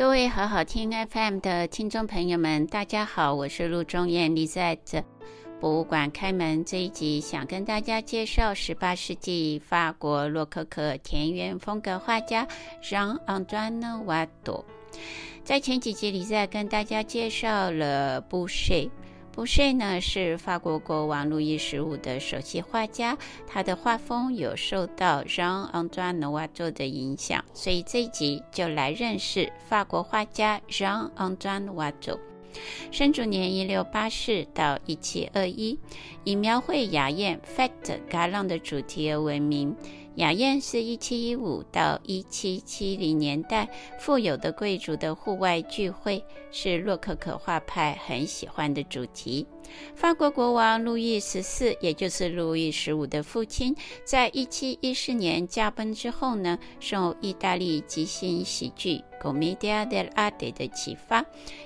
各位好好聽 FM 的聽眾朋友們，大家好，我是陸中艷。李在的博物館開門這一集，想跟大家介紹十八世紀法國洛可可田園風格畫家 Jean-Antoine Watteau。在前幾集裡，李在跟大家介紹了布歇、er。布歇呢是法國國王路易十五的首席畫家，他的畫風有受到 Jean-Antoine Watteau 的影響，所以這一集就來認識法國畫家 Jean-Antoine Watteau。生卒年一六八四到一七二一，以描繪雅宴 f c t g a l a n t 的主題而聞名。雅宴是一七一五到一七七零年代富有的貴族的戶外聚會，是洛克可可畫派很喜歡的主題。法國國王路易十四，也就是路易十五的父親，在一七一四年駕崩之後呢，受意大利即興喜劇 （Commedia d e l a r t e 的啟發，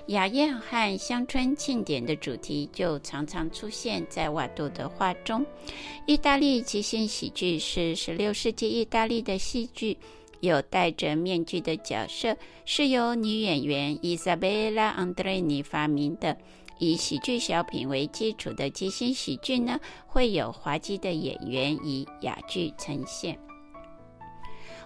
雅宴和鄉村慶典的主題就常常出現在瓦杜的畫中。意大利即興喜劇是十六世紀意大利的戲劇，有戴着面具的角色，是由女演員伊莎貝拉·安德 l a 發明的。以喜劇小品為基礎的即興喜劇呢，會有滑稽的演員以啞劇呈現。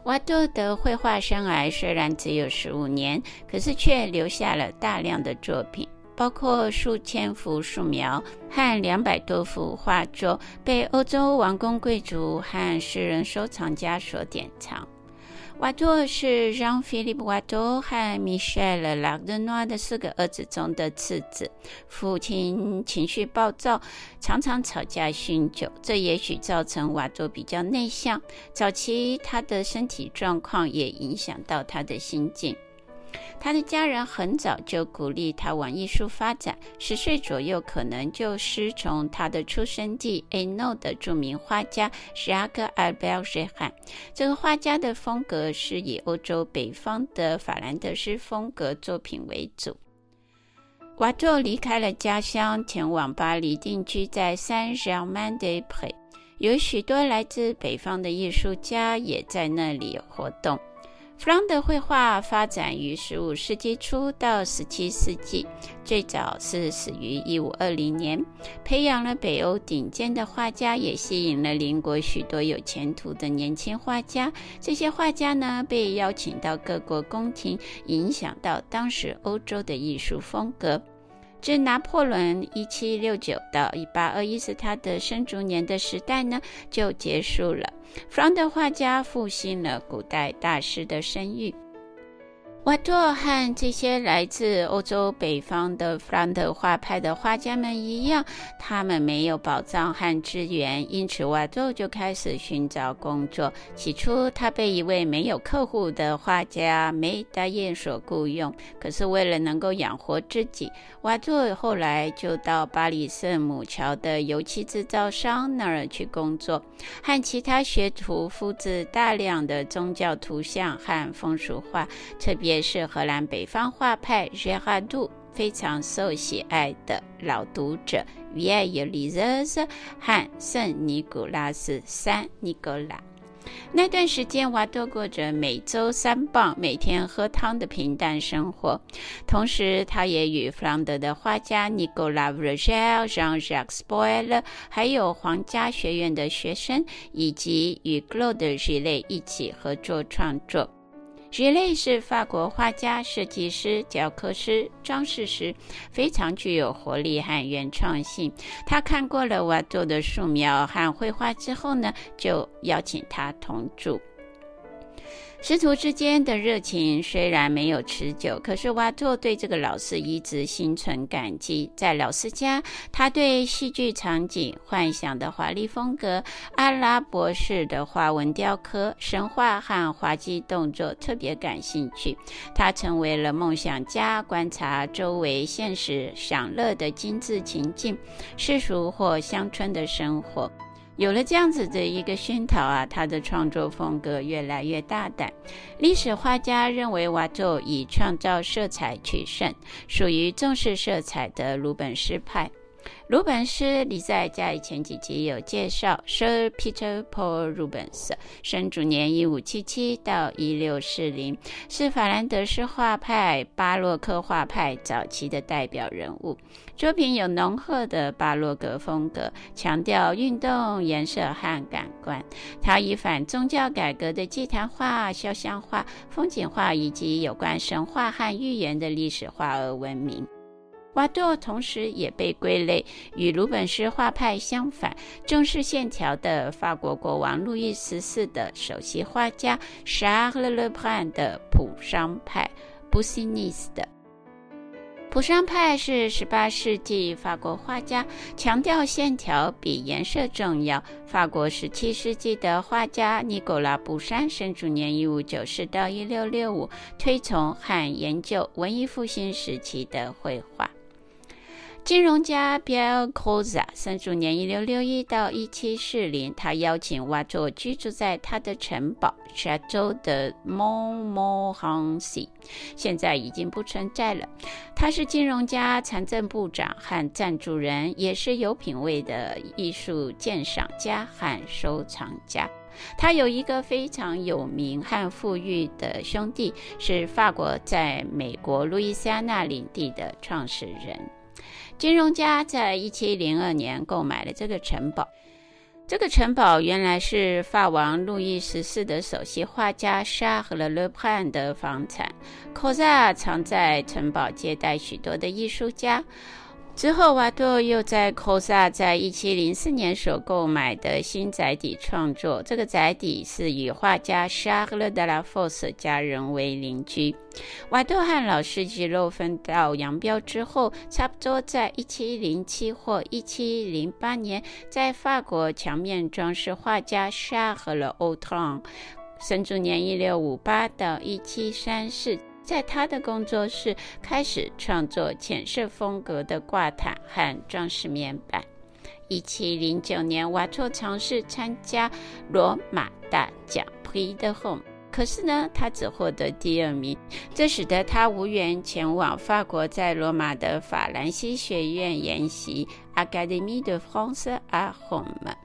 瓦多的繪畫生涯雖然只有十五年，可是卻留下了大量的作品，包括數千幅素描和兩百多幅畫作，被歐洲王公貴族和私人收藏家所典藏。瓦多是讓·菲利普·瓦多和米歇爾·拉德諾的四個兒子中的次子。父親情緒暴躁，常常吵架、酗酒，這也許造成瓦多比較內向。早期他的身體狀況也影響到他的心境。他的家人很早就鼓勵他往藝術發展，十歲左右可能就師從他的出生地 Hainaut 的著名畫家 Jacques-Albert Gérin。這個畫家的風格是以歐洲北方的法蘭德斯風格作品為主。瓦特離開了家鄉，前往巴黎定居在 Saint-Germain-des-Prés，有許多來自北方的藝術家也在那裡活動。弗朗德繪畫發展於十五世紀初到十七世紀，最早是始於一五二零年，培養了北歐頂尖的畫家，也吸引了鄰國許多有前途的年輕畫家。這些畫家呢，被邀請到各國宮廷，影響到當時歐洲的藝術風格。自拿破崙一七六九到一八二一，是他的生卒年的時代呢，就結束了。f r o n 的畫家復興了古代大師的聲譽。瓦座和這些來自歐洲北方的弗蘭德畫派的畫家們一樣，他們沒有保障和資源，因此瓦座就開始尋找工作。起初，他被一位沒有客戶的畫家梅達燕所僱傭，可是為了能夠養活自己，瓦座後來就到巴黎聖母橋的油漆制造商那兒去工作，和其他學徒複制大量的宗教圖像和風俗畫，特別是荷蘭北方畫派 r i r n d e r 非常受喜愛的老讀者 v i e l e t e s 和聖尼古拉斯三尼古拉。那段時間，瓦多過着每周三磅、每天喝湯的平淡生活。同時，他也與弗朗德的畫家尼古拉·弗雷爾、讓·雅 o y l 勒，還有皇家學院的學生以及與 Glaude 的 e 內一起合作創作。Gillot 是法國畫家、設計師、雕刻師、裝飾師，非常具有活力和原創性。他看過了 Watteau 的素描和繪畫之後呢，就邀請他同住。師徒之間的熱情雖然沒有持久，可是瓦特對這個老師一直心存感激。在老師家，他對戲劇場景幻想的華麗風格、阿拉伯式的花紋雕刻、神話和滑稽動作特別感興趣。他成為了夢想家，觀察周圍現實、享樂的精致情境、世俗或鄉村的生活。有了這樣子的一個熏陶啊，他的創作風格越來越大膽。歷史畫家認為瓦作以創造色彩取勝，屬於重視色彩的魯本斯派。魯本斯，你在家以前幾集有介紹。Sir Peter Paul Rubens，生卒年一五七七到一六四零，是法蘭德斯畫派巴洛克畫派早期的代表人物。作品有濃厚的巴洛克風格，強調運動、顏色和感官。他以反宗教改革的祭壇畫、肖像畫、風景畫以及有關神話和寓言的歷史畫而聞名。瓦多同時也被歸類，與魯本斯畫派相反，重視線條的法國國王路易十四的首席畫家，沙赫勒·勒布朗的普桑派布斯尼斯的。普桑派是18世紀法國畫家，強調線條比顏色重要。法國17世紀的畫家尼古拉·布山，生卒年1594到1665，推崇和研究文藝復興時期的繪畫。金融家 Bielcosa 生卒年一六六一到一七四零。他邀請瓦卓居住在他的城堡加 h a d m o n m o h a n s i 現在已經不存在了。他是金融家、財政部長和贊助人，也是有品位的藝術鑑賞家和收藏家。他有一個非常有名和富裕的兄弟，是法國在美國路易斯安那領地的創始人。金融家在一七零二年購買了這個城堡。這個城堡原來是法王路易十四的首席畫家 Charles Le Brun 的房產。Crozat 常在城堡接待許多的藝術家。之後，瓦多又在科薩在1704年所購買的新宅邸創作。這個宅邸是與畫家沙格勒德拉福斯家人為鄰居。瓦多和老師紀洛分道揚鑣之後，差不多在1707或1708年，在法國牆面裝飾畫家沙格勒歐特朗（生卒年1658到 1734）。在他的工作室開始創作淺色風格的掛毯和裝飾面板。一七零九年，瓦特嘗試參加羅馬大獎 Prix de Rome，可是呢，他只獲得第二名，這使得他無緣前往法國在羅馬的法蘭西學院研習 Académie de France à Rome。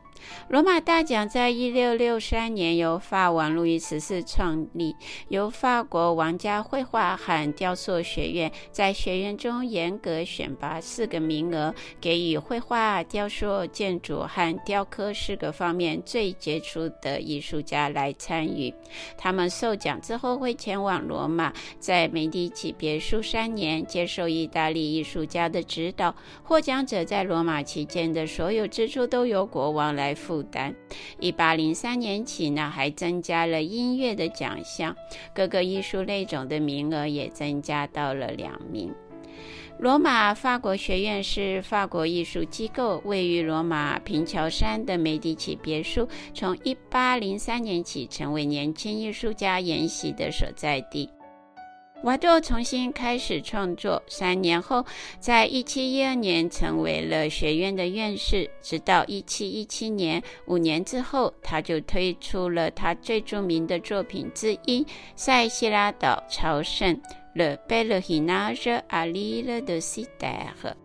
羅馬大獎在一六六三年由法王路易十四創立，由法國王家繪畫和雕塑學院在學院中嚴格選拔四個名額，給予繪畫、雕塑、建築和雕刻四個方面最傑出的藝術家來參與。他們受獎之後會前往羅馬，在梅迪奇別墅三年接受意大利藝術家的指導。獲獎者在羅馬期間的所有支出都由國王來負擔。一八零三年起呢，還增加了音樂的獎項，各個藝術類種的名額也增加到了兩名。羅馬法國學院是法國藝術機構，位於羅馬平橋山的美第奇別墅，從一八零三年起成為年輕藝術家研習的所在地。瓦多重新開始創作，三年後，在1712年成為了學院的院士。直到1717 17年，五年之後，他就推出了他最著名的作品之一《塞西拉島朝聖》（Le Bel Hinaire l i l e de s i r e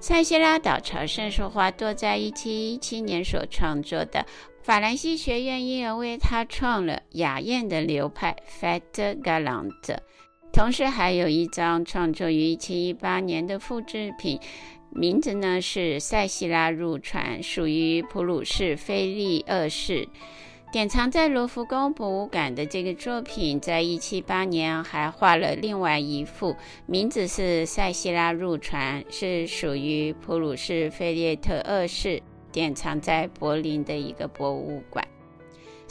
塞西拉島朝聖》是瓦多在1717 17年所創作的。法蘭西學院因而為他創了雅彦的流派 f a t e g a l a n t 同時還有一張創作於1718年的複製品，名字呢是塞西拉入船，屬於普魯士菲利二世，典藏在羅浮宮博物館的這個作品，在178年還畫了另外一幅，名字是塞西拉入船，是屬於普魯士菲列特二世，典藏在柏林的一個博物館。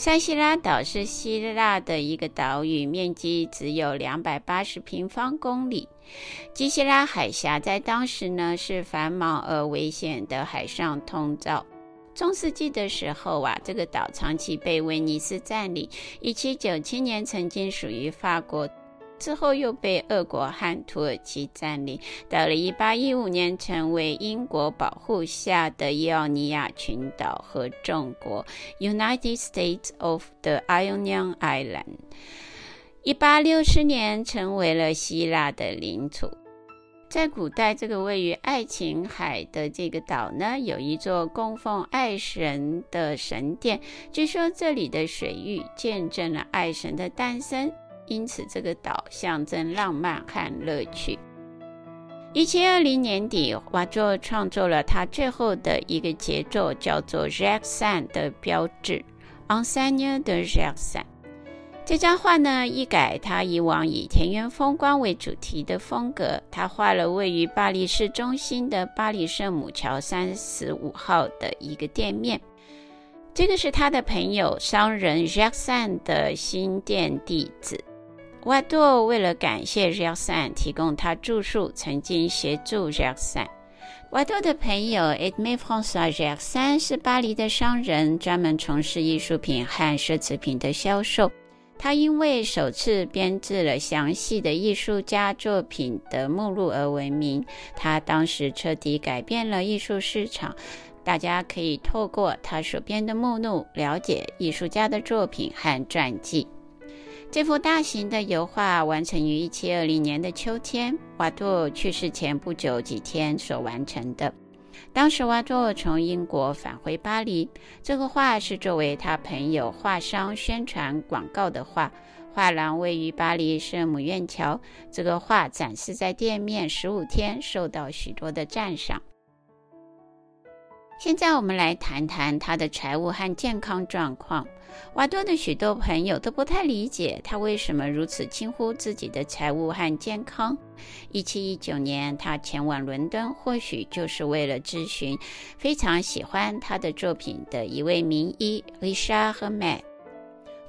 塞西拉島是希臘的一個島嶼，面積只有兩百八十平方公里。基西拉海峽在當時呢是繁忙而危險的海上通道。中世紀的時候啊，這個島長期被威尼斯占領。一七九七年，曾經屬於法國。之後又被俄國和土耳其佔領，到了一八一五年成為英國保護下的伊奧尼亞群島合眾國 （United States of the Ionian Islands）。一八六十年成為了希臘的領土。在古代，這個位於愛琴海的這個島呢，有一座供奉愛神的神殿，據說這裡的水域見證了愛神的誕生。因此，這個島象徵浪漫和樂趣。一七二零年底，瓦作創作了他最後的一個傑作，叫做《Gersaint 的標誌，L'Enseigne de Gersaint》。這張畫呢，一改他以往以田園風光為主題的風格，他畫了位於巴黎市中心的巴黎聖母橋三十五號的一個店面。這個是他的朋友商人 Gersaint 的新店地址。瓦多為了感謝熱山提供他住宿，曾經協助熱山。瓦多的朋友埃德梅·弗朗索瓦·熱山是巴黎的商人，專門從事藝術品和奢侈品的銷售。他因為首次編製了詳細的藝術家作品的目錄而聞名。他當時徹底改變了藝術市場。大家可以透過他所編的目錄了解藝術家的作品和傳記。這幅大型的油畫完成於1720年的秋天，瓦多去世前不久幾天所完成的。當時瓦多從英國返回巴黎，這個畫是作為他朋友畫商宣傳廣告的畫。畫廊位於巴黎聖母院橋，這個畫展示在店面十五天，受到許多的讚賞。現在我們來談談他的財務和健康狀況。瓦多的許多朋友都不太理解他為什麼如此輕忽自己的財務和健康。1719年，他前往倫敦，或許就是為了諮詢非常喜歡他的作品的一位名醫，麗莎和麥。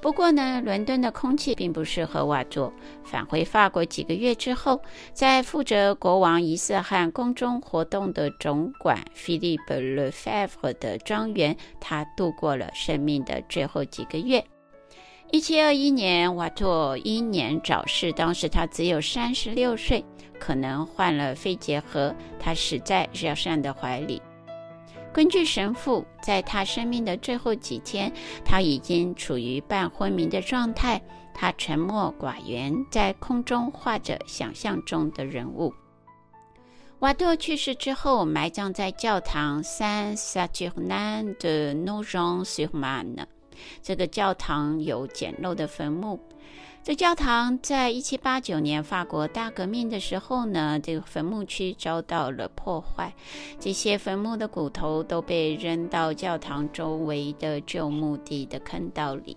不過呢，倫敦的空氣並不適合瓦托。返回法國幾個月之後，在負責國王儀式和宮中活動的總管菲利普·勒菲爾的莊園，他度過了生命的最後幾個月。一七二一年，瓦托英年早逝，當時他只有三十六歲，可能患了肺結核。他死在熱山的懷裡。根據神父，在他生命的最後幾天，他已經處於半昏迷的狀態。他沉默寡言，在空中畫着想象中的人物。瓦多去世之後，埋葬在教堂 Saint-Saturnin-de-Nogent-sur-Marne。這個教堂有簡陋的墳墓。這教堂在1789年法國大革命的時候呢，這個墳墓區遭到了破壞，這些墳墓的骨頭都被扔到教堂周圍的舊墓地的坑道裡。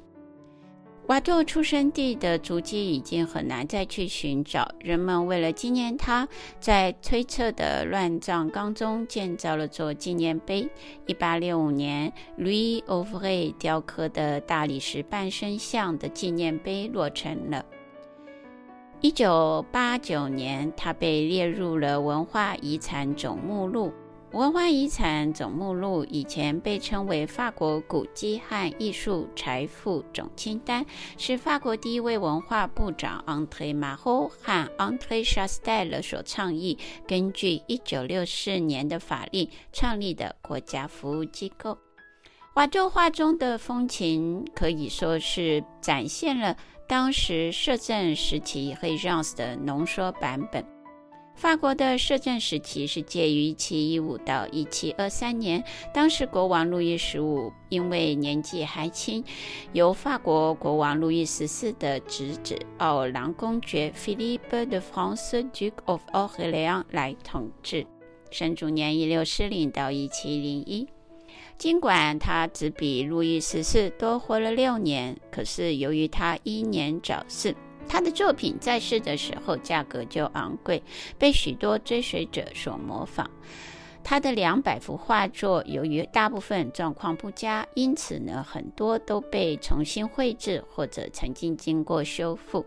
瓦座出生地的足跡已經很難再去尋找，人們為了紀念他，在推測的亂葬崗中建造了座紀念碑。一八六五年，Louis Auvray 雕刻的大理石半身像的紀念碑落成了。一九八九年，它被列入了文化遺產總目錄。文化遺產總目錄以前被稱為法國古蹟和藝術財富總清單，是法國第一位文化部長 André Malraux 和 André Chastel 所倡議，根據1964年的法令創立的國家服務機構。瓦作畫中的風情可以說是展現了當時攝政時期 Heures 的濃縮版本。法國的攝政時期是介於1715到1723年，當時國王路易十五因為年紀還輕，由法國國王路易十四的侄子奧爾良公爵 Philippe de France, Duke of Orleans 來統治，生卒年一六四零到一七零一，儘管他只比路易十四多活了六年，可是由於他英年早逝。他的作品在世的時候價格就昂貴，被許多追隨者所模仿。他的兩百幅畫作由於大部分狀況不佳，因此呢，很多都被重新繪制或者曾經經過修復。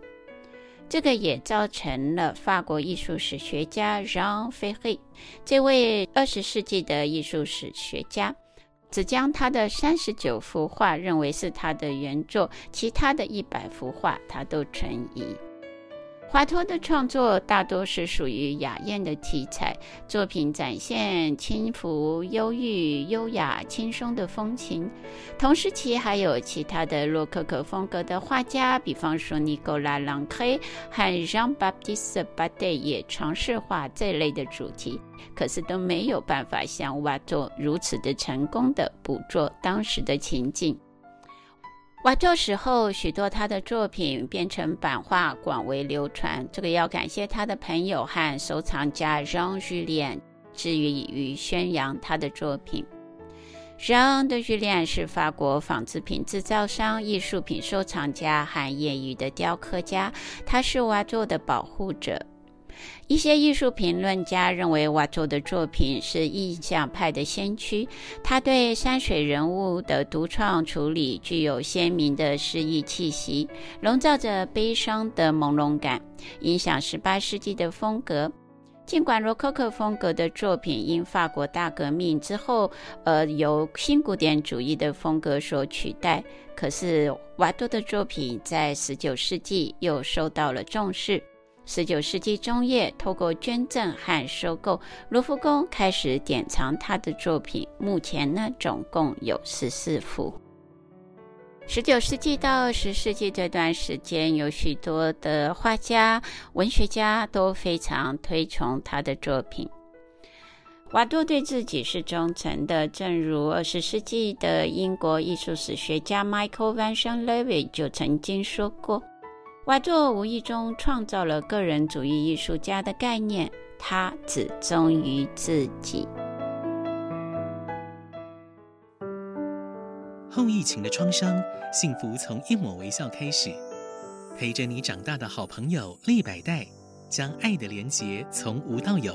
這個也造成了法國藝術史學家讓·菲黑這位二十世紀的藝術史學家。只將他的三十九幅畫認為是他的原作，其他的一百幅畫他都存疑。華托的創作大多是屬於雅宴的題材，作品展現輕浮、憂鬱、優雅、輕鬆的風情。同時期還有其他的洛可可風格的畫家，比方說尼古拉·朗克和讓·巴蒂斯·巴代也嘗試畫這類的主題，可是都沒有辦法像華托如此的成功地捕捉當時的情景。瓦作死後，許多他的作品變成版畫，廣為流傳。這個要感謝他的朋友和收藏家讓·於列，致力於宣揚他的作品。讓·德·於列是法國紡織品製造商、藝術品收藏家和業餘的雕刻家，他是瓦作的保護者。一些藝術評論家認為，瓦多的作品是印象派的先驅。他對山水人物的獨創處理具有鮮明的詩意氣息，籠罩着悲傷的朦朧感，影響18世紀的風格。儘管洛可可風格的作品因法國大革命之後，呃，由新古典主義的風格所取代，可是瓦多的作品在19世紀又受到了重視。十九世紀中葉，透過捐贈和收購，盧浮宮開始典藏他的作品。目前呢，總共有十四幅。十九世紀到二十世紀這段時間，有許多的畫家、文學家都非常推崇他的作品。瓦多對自己是忠誠的，正如二十世紀的英國藝術史學家 Michael van Shalvey 就曾經說過。瓦作無意中創造了個人主義藝術家的概念，他只忠於自己。後疫情的創傷，幸福從一抹微笑開始。陪着你長大的好朋友立百代，將愛的連結從無到有。